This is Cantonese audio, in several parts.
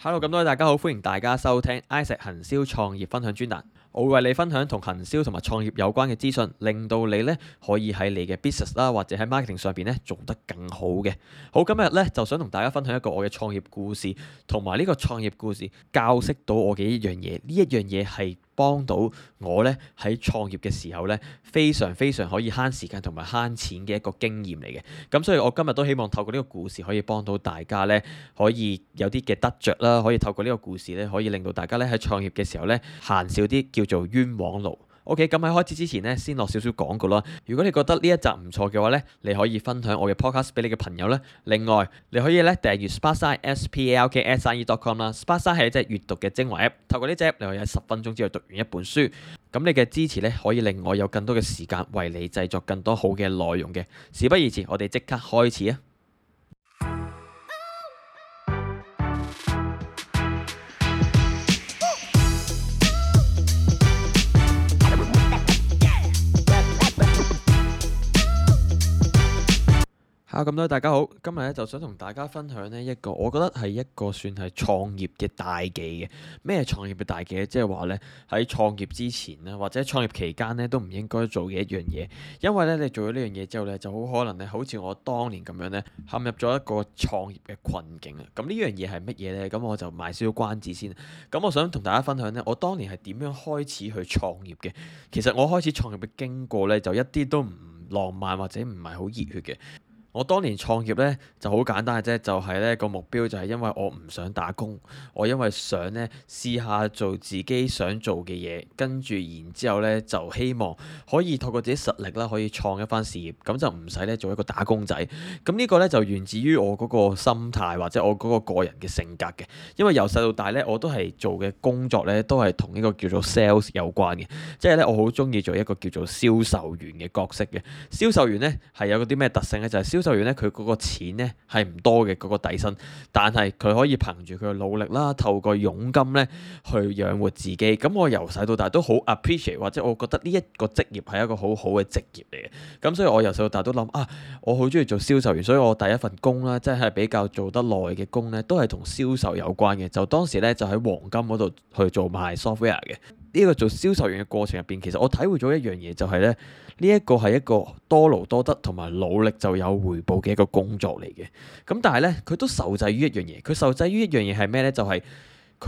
hello，咁多位大家好，歡迎大家收聽 Isaac 行銷創業分享專欄，我會為你分享同行銷同埋創業有關嘅資訊，令到你呢可以喺你嘅 business 啦或者喺 marketing 上邊呢做得更好嘅。好，今日呢，就想同大家分享一個我嘅創業故事，同埋呢個創業故事教識到我嘅一樣嘢，呢一樣嘢係，幫到我咧喺創業嘅時候咧，非常非常可以慳時間同埋慳錢嘅一個經驗嚟嘅。咁所以我今日都希望透過呢個故事可以幫到大家咧，可以有啲嘅得着啦，可以透過呢個故事咧，可以令到大家咧喺創業嘅時候咧，行少啲叫做冤枉路。OK，咁喺開始之前呢，先落少少廣告啦。如果你覺得呢一集唔錯嘅話呢，你可以分享我嘅 podcast 俾你嘅朋友啦。另外，你可以呢訂閱 Sparkle，s p a r k l e dot com 啦。Sparkle 係一隻閱讀嘅精華 App，透過呢隻 App，你可以喺十分鐘之內讀完一本書。咁你嘅支持呢，可以令我有更多嘅時間為你製作更多好嘅內容嘅。事不宜遲，我哋即刻開始啊！啊，咁多大家好，今日咧，就想同大家分享呢一個，我覺得係一個算係創業嘅大忌嘅。咩創業嘅大忌？即係話呢，喺創業之前呢，或者創業期間呢，都唔應該做嘅一樣嘢。因為呢，你做咗呢樣嘢之後呢，就好可能呢，好似我當年咁樣呢，陷入咗一個創業嘅困境啊。咁呢樣嘢係乜嘢呢？咁我就賣少少關子先。咁我想同大家分享呢，我當年係點樣開始去創業嘅。其實我開始創業嘅經過呢，就一啲都唔浪漫或者唔係好熱血嘅。我當年創業呢就好簡單嘅啫，就係呢個目標就係因為我唔想打工，我因為想呢試下做自己想做嘅嘢，跟住然之後呢就希望可以透過自己實力啦，可以創一番事業，咁就唔使呢做一個打工仔。咁呢個呢，就源自於我嗰個心態或者我嗰個個人嘅性格嘅，因為由細到大呢，我都係做嘅工作呢，都係同呢個叫做 sales 有關嘅，即係呢，我好中意做一個叫做銷售員嘅角色嘅。銷售員呢，係有啲咩特性呢？就係銷售。員咧，佢嗰個錢咧係唔多嘅，嗰個底薪，但係佢可以憑住佢嘅努力啦，透過佣金咧去養活自己。咁我由細到大都好 appreciate，或者我覺得呢一個職業係一個好好嘅職業嚟嘅。咁所以我由細到大都諗啊，我好中意做銷售員。所以我第一份工啦，即係比較做得耐嘅工咧，都係同銷售有關嘅。就當時咧就喺黃金嗰度去做賣 software 嘅。呢一個做銷售員嘅過程入邊，其實我體會咗一樣嘢，就係，就係咧，呢一個係一個多勞多得同埋努力就有回報嘅一個工作嚟嘅。咁但係呢，佢都受制於一樣嘢，佢受制於一樣嘢係咩呢？就係、係、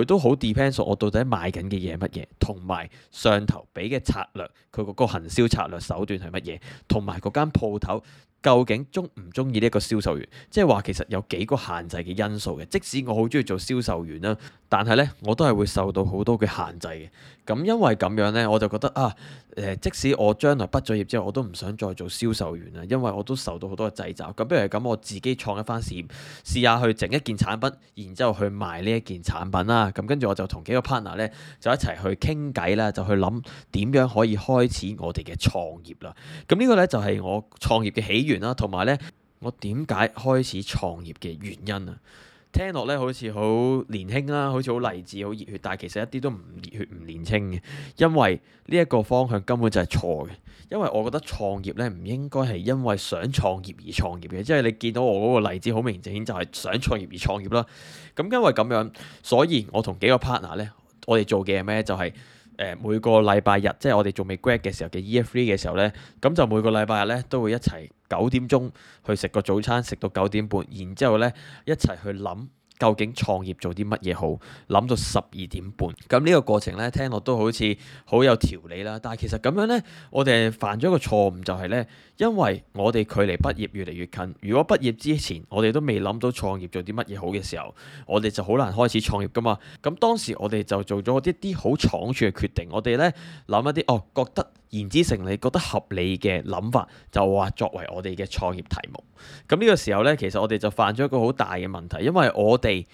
佢都好 depends 我到底賣緊嘅嘢乜嘢，同埋上頭俾嘅策略，佢嗰個行銷策略手段係乜嘢，同埋嗰間鋪頭。究竟中唔中意呢一個銷售員？即係話其實有幾個限制嘅因素嘅。即使我好中意做銷售員啦，但係咧我都係會受到好多嘅限制嘅。咁因為咁樣咧，我就覺得啊，誒即使我將來畢咗業之後，我都唔想再做銷售員啦，因為我都受到好多嘅制肘。咁不如係咁，我自己創一番事業，試下去整一件產品，然之後去賣呢一件產品啦。咁跟住我就同幾個 partner 咧，就一齊去傾偈啦，就去諗點樣可以開始我哋嘅創業啦。咁呢個咧就係、是、我創業嘅起源啦，同埋呢，我點解開始創業嘅原因啊？聽落呢，好似好年輕啦，好似好勵志、好熱血，但係其實一啲都唔熱血、唔年青嘅。因為呢一個方向根本就係錯嘅。因為我覺得創業呢，唔應該係因為想創業而創業嘅。即係你見到我嗰個例子，好明顯就係、是、想創業而創業啦。咁因為咁樣，所以我同幾個 partner 呢，我哋做嘅係咩？就係、是、每個禮拜日，即、就、係、是、我哋仲未 grad 嘅時候嘅 year three 嘅時候呢，咁就每個禮拜日呢，都會一齊。九點鐘去食個早餐，食到九點半，然之後呢，一齊去諗究竟創業做啲乜嘢好，諗到十二點半。咁、嗯、呢、呢個過程呢，聽落都好似好有條理啦。但係其實咁樣呢，我哋犯咗一個錯誤，就係呢：因為我哋距離畢業越嚟越近。如果畢業之前我哋都未諗到創業做啲乜嘢好嘅時候，我哋就好難開始創業噶嘛。咁、嗯、當時我哋就做咗一啲好倉促嘅決定，我哋呢，諗一啲哦覺得，言之成理，覺得合理嘅諗法，就話作為我哋嘅創業題目。咁呢個時候呢，其實我哋就犯咗一個好大嘅問題，因為我哋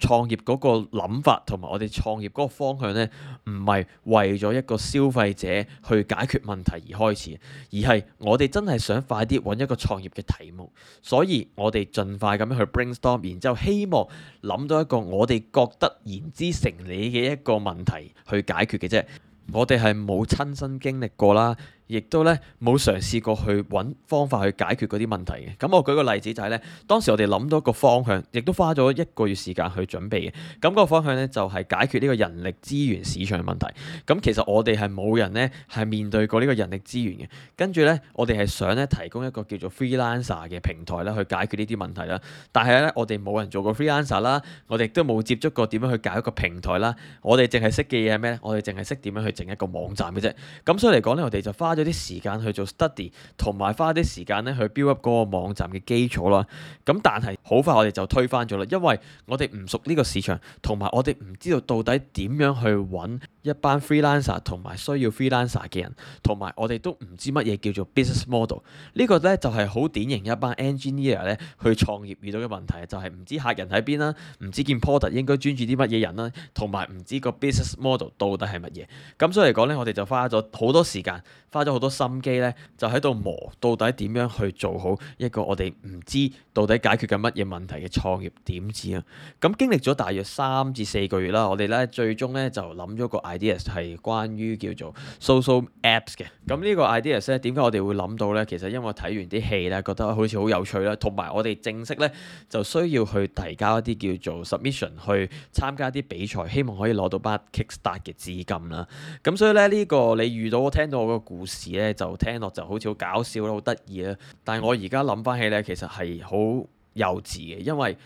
創業嗰個諗法同埋我哋創業嗰個方向呢，唔係為咗一個消費者去解決問題而開始，而係我哋真係想快啲揾一個創業嘅題目，所以我哋盡快咁樣去 brainstorm，然之後希望諗到一個我哋覺得言之成理嘅一個問題去解決嘅啫。我哋係冇親身經歷過啦。亦都咧冇嘗試過去揾方法去解決嗰啲問題嘅。咁我舉個例子就係咧，當時我哋諗到一個方向，亦都花咗一個月時間去準備嘅。咁嗰個方向咧就係解決呢個人力資源市場嘅問題。咁其實我哋係冇人咧係面對過呢個人力資源嘅。跟住咧，我哋係想咧提供一個叫做 freelancer 嘅平台啦，去解決呢啲問題啦。但係咧，我哋冇人做過 freelancer 啦，我哋都冇接觸過點樣去搞一個平台啦。我哋淨係識嘅嘢係咩咧？我哋淨係識點樣去整一個網站嘅啫。咁所以嚟講咧，我哋就花花咗啲時間去做 study，同埋花啲時間咧去 build up 嗰個網站嘅基礎啦。咁但係好快我哋就推翻咗啦，因為我哋唔熟呢個市場，同埋我哋唔知道到底點樣去揾。一班 freelancer 同埋需要 freelancer 嘅人，同埋我哋都唔知乜嘢叫做 business model 呢。呢個咧就係、是、好典型一班 engineer 咧去創業遇到嘅問題就係、是、唔知客人喺邊啦，唔知件 product 應該專注啲乜嘢人啦，同埋唔知個 business model 到底係乜嘢。咁所以嚟講咧，我哋就花咗好多時間，花咗好多心機咧，就喺度磨到底點樣去做好一個我哋唔知到底解決緊乜嘢問題嘅創業點子啊！咁經歷咗大約三至四個月啦，我哋咧最終咧就諗咗個。ideas 係關於叫做 social apps 嘅，咁呢個 ideas 呢點解我哋會諗到呢？其實因為睇完啲戲呢，覺得好似好有趣啦，同埋我哋正式呢，就需要去提交一啲叫做 submission 去參加啲比賽，希望可以攞到把 Kickstart 嘅資金啦。咁所以呢，呢個你遇到我聽到我個故事呢，就聽落就好似好搞笑啦，好得意啦。但係我而家諗翻起呢，其實係好幼稚嘅，因為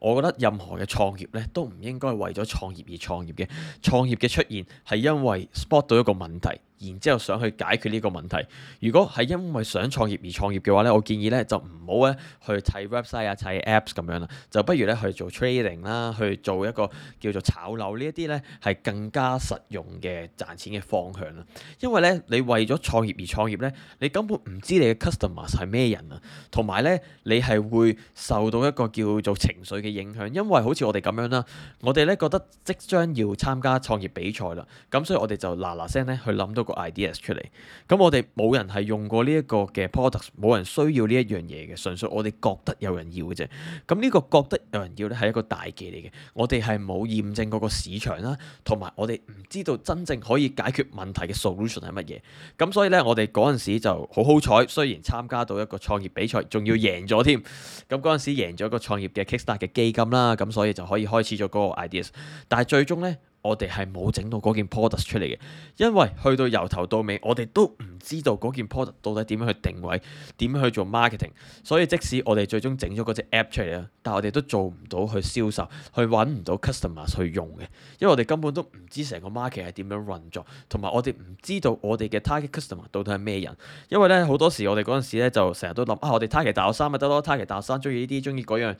我覺得任何嘅創業咧，都唔應該為咗創業而創業嘅。創業嘅出現係因為 spot 到一個問題。然之後想去解決呢個問題。如果係因為想創業而創業嘅話咧，我建議咧就唔好咧去砌 website 啊、砌 apps 咁樣啦，就不如咧去做 trading 啦，去做一個叫做炒樓呢一啲咧係更加實用嘅賺錢嘅方向啦。因為咧你為咗創業而創業咧，你根本唔知你嘅 customers 係咩人啊，同埋咧你係會受到一個叫做情緒嘅影響。因為好似我哋咁樣啦，我哋咧覺得即將要參加創業比賽啦，咁所以我哋就嗱嗱聲咧去諗到。個 ideas 出嚟，咁我哋冇人係用過呢一個嘅 product，冇人需要呢一樣嘢嘅，純粹我哋覺得有人要嘅啫。咁呢個覺得有人要呢係一個大忌嚟嘅。我哋係冇驗證過嗰個市場啦，同埋我哋唔知道真正可以解決問題嘅 solution 係乜嘢。咁所以呢，我哋嗰陣時就好好彩，雖然參加到一個創業比賽，仲要贏咗添。咁嗰陣時贏咗一個創業嘅 Kickstart 嘅基金啦，咁所以就可以開始咗嗰個 ideas。但係最終呢，我哋係冇整到嗰件 product 出嚟嘅，因為去到由頭到尾，我哋都唔知道嗰件 product 到底點樣去定位，點樣去做 marketing。所以即使我哋最終整咗嗰隻 app 出嚟啦，但係我哋都做唔到去銷售，去揾唔到 customer 去用嘅，因為我哋根本都唔知成個 market 係點樣運作，同埋我哋唔知道我哋嘅 target customer 到底係咩人。因為呢，好多時我哋嗰陣時呢就成日都諗啊，我哋 target 大學生咪得咯，target 大學生中意呢啲，中意嗰樣。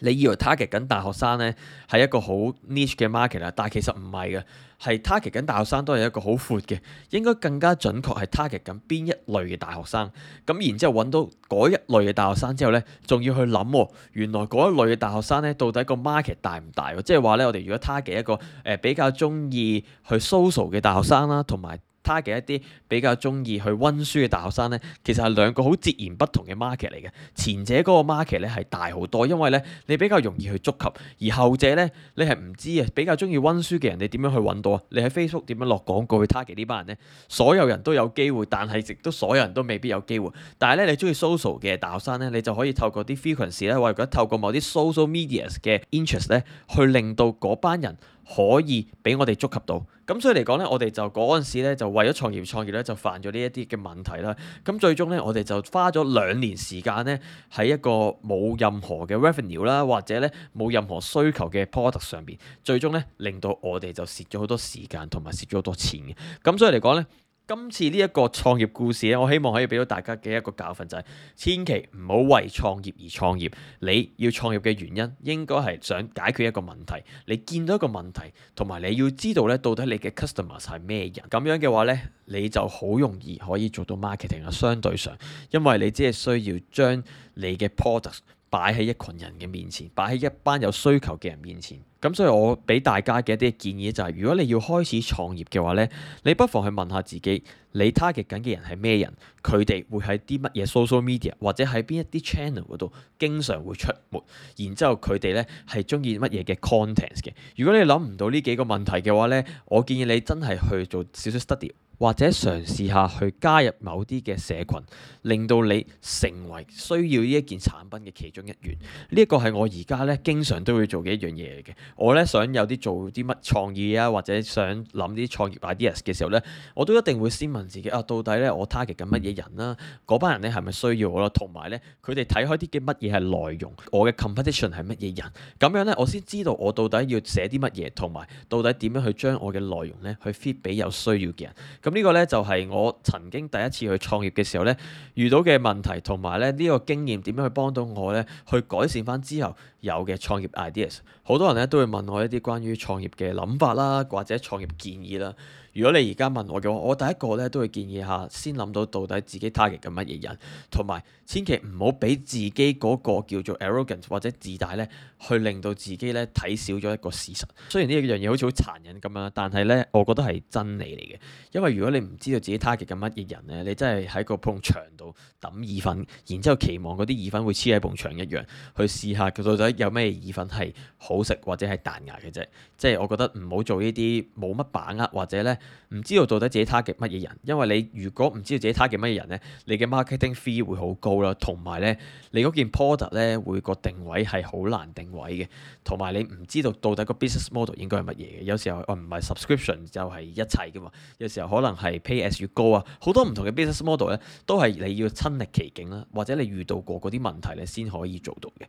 你以為 target 緊大學生咧係一個好 niche 嘅 market 啦，但係其實唔係嘅，係 target 緊大學生都係一個好闊嘅，應該更加準確係 target 緊邊一類嘅大學生，咁然之後揾到嗰一類嘅大學生之後咧，仲要去諗，原來嗰一類嘅大學生咧到底個 market 大唔大？即係話咧，我哋如果 target 一個誒比較中意去 social 嘅大學生啦，同埋，他嘅一啲比較中意去温書嘅大學生咧，其實係兩個好截然不同嘅 market 嚟嘅。前者嗰個 market 咧係大好多，因為咧你比較容易去觸及；而後者咧你係唔知啊，比較中意温書嘅人你點樣去揾到啊？你喺 Facebook 點樣落廣告去 target 呢班人咧？所有人都有機會，但係亦都所有人都未必有機會。但係咧，你中意 social 嘅大學生咧，你就可以透過啲 frequency 咧，或者透過某啲 social media 嘅 interest 咧，去令到嗰班人。可以俾我哋觸及到，咁所以嚟講呢，我哋就嗰陣時呢就為咗創業創業呢，就犯咗呢一啲嘅問題啦，咁最終呢，我哋就花咗兩年時間呢，喺一個冇任何嘅 revenue 啦，或者呢冇任何需求嘅 product 上邊，最終呢，令到我哋就蝕咗好多時間同埋蝕咗好多錢嘅，咁所以嚟講呢。今次呢一個創業故事咧，我希望可以俾到大家嘅一個教訓就係，是，千祈唔好為創業而創業。你要創業嘅原因應該係想解決一個問題。你見到一個問題，同埋你要知道咧，到底你嘅 customers 係咩人？咁樣嘅話咧，你就好容易可以做到 marketing 啊。相對上，因為你只係需要將你嘅 products。擺喺一群人嘅面前，擺喺一班有需求嘅人面前。咁所以我俾大家嘅一啲建議就係如果你要開始創業嘅話呢，你不妨去問下自己，你 target 緊嘅人係咩人？佢哋會喺啲乜嘢 social media 或者喺邊一啲 channel 嗰度經常會出沒？然之後佢哋呢係中意乜嘢嘅 content 嘅？如果你諗唔到呢幾個問題嘅話呢，我建議你真係去做少少 study。或者嘗試下去加入某啲嘅社群，令到你成為需要呢一件產品嘅其中一員。呢一個係我而家咧經常都會做嘅一樣嘢嚟嘅。我咧想有啲做啲乜創意啊，或者想諗啲創業 ideas 嘅時候咧，我都一定會先問自己啊，到底咧我 target 緊乜嘢人啦，啊？嗰班人咧係咪需要我咯？同埋咧，佢哋睇開啲嘅乜嘢係內容？我嘅 competition 係乜嘢人？咁樣咧，我先知道我到底要寫啲乜嘢，同埋到底點樣去將我嘅內容咧去 fit 俾有需要嘅人。咁呢個呢，就係我曾經第一次去創業嘅時候呢，遇到嘅問題，同埋呢呢個經驗點樣去幫到我呢，去改善翻之後有嘅創業 ideas。好多人呢，都會問我一啲關於創業嘅諗法啦，或者創業建議啦。如果你而家問我嘅話，我第一個呢，都會建議下先諗到到底自己 target 係乜嘢人，同埋千祈唔好俾自己嗰個叫做 arrogant 或者自大呢，去令到自己呢睇少咗一個事實。雖然呢一樣嘢好似好殘忍咁樣，但係呢，我覺得係真理嚟嘅，因為如果你唔知道自己 target 嘅乜嘢人咧，你真係喺個埲牆度抌意粉，然之後期望嗰啲意粉會黐喺埲牆一樣，去試下，佢到底有咩意粉係好食或者係彈牙嘅啫？即係我覺得唔好做呢啲冇乜把握或者咧唔知道到底自己 target 乜嘢人，因為你如果唔知道自己 target 乜嘢人咧，你嘅 marketing fee 會好高啦，同埋咧你嗰件 product 咧會個定位係好難定位嘅，同埋你唔知道到底個 business model 應該係乜嘢嘅，有時候唔係、呃、subscription 就係一切嘅嘛，有時候可能。可能係 PS 越高啊，好多唔同嘅 business model 咧，都係你要親歷其境啦，或者你遇到過嗰啲問題你先可以做到嘅。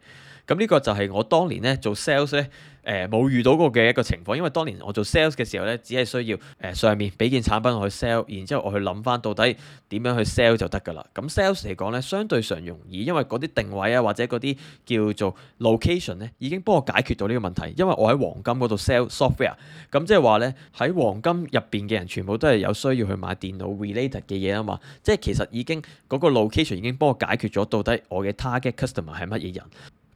咁呢個就係我當年咧做 sales 咧。誒冇遇到過嘅一個情況，因為當年我做 sales 嘅時候咧，只係需要誒上面俾件產品我去 sell，然之後我去諗翻到底點樣去 sell 就得㗎啦。咁 sales 嚟講咧，相對上容易，因為嗰啲定位啊，或者嗰啲叫做 location 咧，已經幫我解決到呢個問題，因為我喺黃金嗰度 sell software，咁即係話咧喺黃金入邊嘅人全部都係有需要去買電腦 related 嘅嘢啊嘛，即係其實已經嗰個 location 已經幫我解決咗到底我嘅 target customer 係乜嘢人。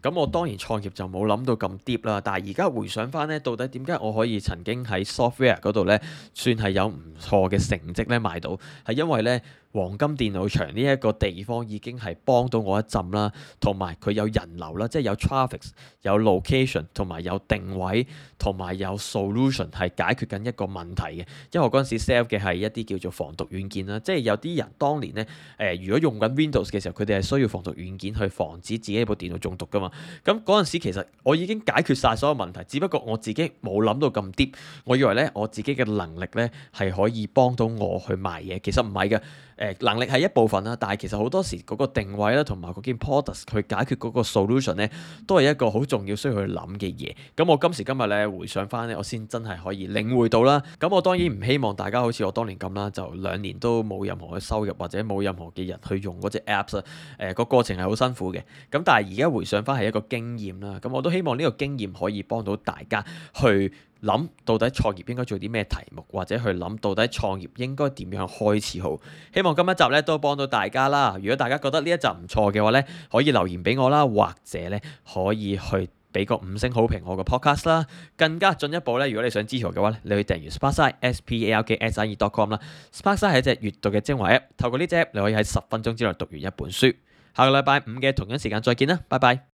咁我當然創業就冇諗到咁 deep 啦，但係而家回想翻咧，到底點解我可以曾經喺 software 嗰度咧，算係有唔錯嘅成績咧買到，係因為咧。黃金電腦場呢一個地方已經係幫到我一浸啦，同埋佢有人流啦，即係有 traffic、有 location 同埋有定位同埋有，有 solution 係解決緊一個問題嘅。因為我嗰陣時 sell 嘅係一啲叫做防毒軟件啦，即係有啲人當年呢，誒、呃，如果用緊 Windows 嘅時候，佢哋係需要防毒軟件去防止自己部電腦中毒噶嘛。咁嗰陣時其實我已經解決晒所有問題，只不過我自己冇諗到咁 deep。我以為呢，我自己嘅能力呢係可以幫到我去賣嘢，其實唔係嘅。能力係一部分啦，但係其實好多時嗰個定位啦，同埋嗰件 products 去解決嗰個 solution 咧，都係一個好重要需要去諗嘅嘢。咁我今時今日咧回想翻咧，我先真係可以領會到啦。咁我當然唔希望大家好似我當年咁啦，就兩年都冇任何嘅收入或者冇任何嘅人去用嗰隻 apps、呃。誒個過程係好辛苦嘅。咁但係而家回想翻係一個經驗啦。咁我都希望呢個經驗可以幫到大家去諗到底創業應該做啲咩題目，或者去諗到底創業應該點樣開始好。希望今一集咧都幫到大家啦。如果大家覺得呢一集唔錯嘅話咧，可以留言俾我啦，或者咧可以去俾個五星好評我個 podcast 啦。更加進一步咧，如果你想支持我嘅話咧，你去以訂閱 Sparkside s p a r k s i d e dot com 啦。Sparkside 係一隻閱讀嘅精華 app，透過呢隻 app 你可以喺十分鐘之內讀完一本書。下個禮拜五嘅同樣時間再見啦，拜拜。